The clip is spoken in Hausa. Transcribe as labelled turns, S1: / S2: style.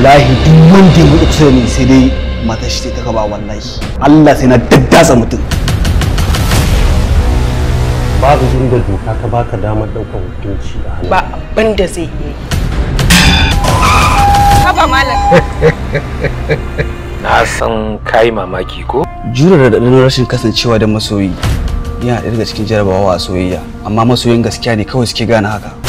S1: wallahi duk wanda ya buɗe kusa da ni sai dai mata shi ta kaba wallahi Allah sai na daddatsa mutum babu da doka ta baka damar
S2: ɗaukar
S3: hukunci a hannu
S4: ba abin da zai yi haba malam
S3: na san kai mamaki ko jure da dadin
S5: rashin kasancewa da masoyi yana daga cikin jarabawa a soyayya amma masoyin gaskiya ne kawai suke gane haka